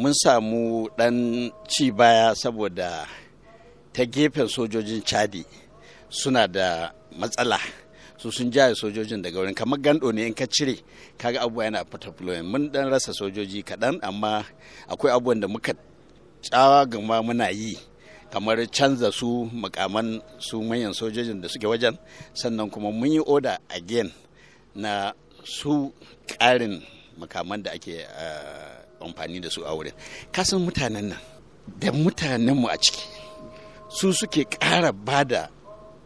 mun samu ɗan ci baya saboda ta gefen sojojin chadi suna da matsala su sun jaye sojojin daga wurin kamar gando ne in ka cire kaga abubuwa yana fita fulowin mun dan rasa sojoji kaɗan amma akwai abubuwan da muka tsawa gama muna yi kamar canza su makaman su manyan sojojin da suke wajen sannan kuma mun yi oda again na su ƙarin makaman da ake uh, amfani da su a wurin kasan mutanen nan da mutanen mu a ciki su suke ƙara bada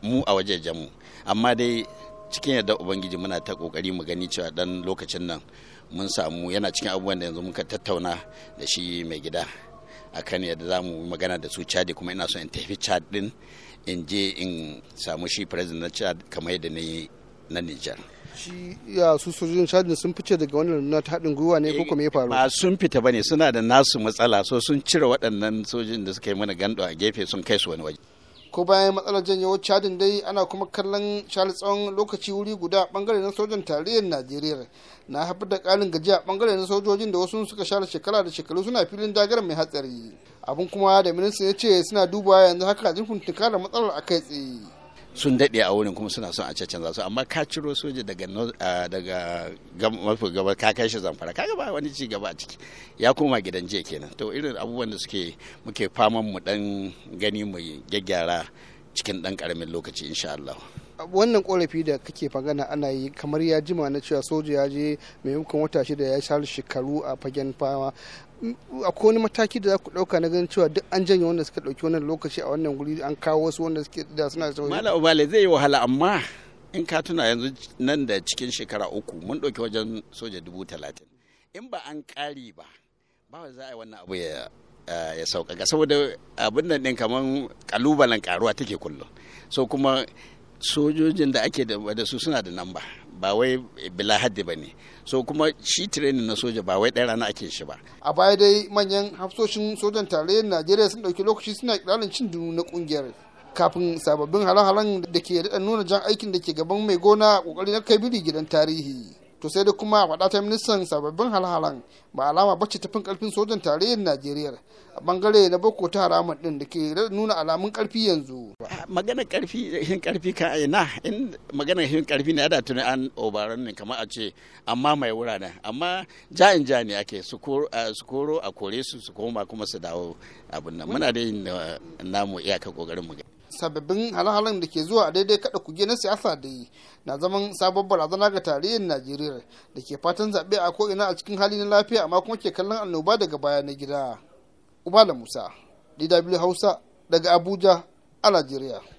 mu a mu amma dai cikin yadda ubangiji muna ta kokari mu gani cewa dan lokacin nan mun samu yana cikin abubuwan da yanzu muka tattauna da shi mai gida akan yadda za mu magana da su chadi kuma ina so in tafi chad din in je in samu shi president na chad kamar yadda na yi na nijar shi ya su sojojin chadin sun fice daga wannan runa ta haɗin gwiwa ne ko kuma ya faru ba sun fita bane suna da nasu matsala so sun cire waɗannan sojojin da suka yi mana gando a gefe sun kai su wani waje ko bayan matsalar janyewar cadin dai ana kuma kallon shari tsawon lokaci wuri guda bangare na sojan tarayyar najeriya na haifar da ƙarin a bangare na sojojin da wasu suka share shekara da shekaru suna filin dagara mai hatsari abin kuma da ministan ya ce suna dubawa yanzu haka jirgin tunkarar matsalar a kai tsaye sun daɗe a wurin kuma suna son a za su amma ka ciro soja daga daga mafi gaba ka kai shi zamfara ka gaba wani ci gaba a ciki ya koma gidan jiya kenan to irin abubuwan da suke muke faman mu dan gani mu gyaggyara cikin dan karamin lokaci insha Allah wannan korafi da kake fagana ana yi kamar ya jima na cewa soja ya je maimakon wata shida ya sha shekaru a fagen fama akwai wani mataki da za ku ɗauka na ganin cewa duk an janye wanda suka ɗauki wannan lokaci a wannan guri an kawo wasu wanda suke da suna da mala ubale zai yi wahala amma in ka tuna yanzu nan da cikin shekara uku mun ɗauki wajen soja dubu talatin in ba an ƙari ba ba za a yi wannan abu ya ya sauƙaƙa saboda abin nan ɗin kamar ƙalubalen ƙaruwa take kullum so kuma sojojin da ake da su suna da nan ba ba wai bila haddi ba ne so kuma shi tirenin na soja ba wai ɗaya rana ake shi ba a baya dai manyan hafsoshin sojan tarayyar najeriya sun ɗauki lokaci suna kiralin cin dunu na ƙungiyar kafin sababbin halan-halan da ke daɗa nuna jan aikin da ke gaban mai gona ƙoƙari na kai biri gidan tarihi to sai da kuma a faɗa ta ministan sababbin halhalan ba alama bacci tafin karfin sojan tarayyar najeriya a bangare na boko ta haramun din da ke nuna alamun karfi yanzu magana karfi hin karfi ka ina in magana hin karfi ne da tuni an obaran ne kamar a ce amma mai wurare amma ja'in ja ne ake su koro a kore su su koma kuma su dawo abin nan muna da yin eh, namu iyaka kokarin mu sababbin halahalan da ke zuwa a daidai kada kuge na siyasa da yi na zaman sabon barazana ga tarihin najeriya da ke fatan zaɓe a ko'ina a cikin hali na lafiya amma kuma ke kallon annoba daga baya na gida uba da musa dw hausa daga abuja a najeriya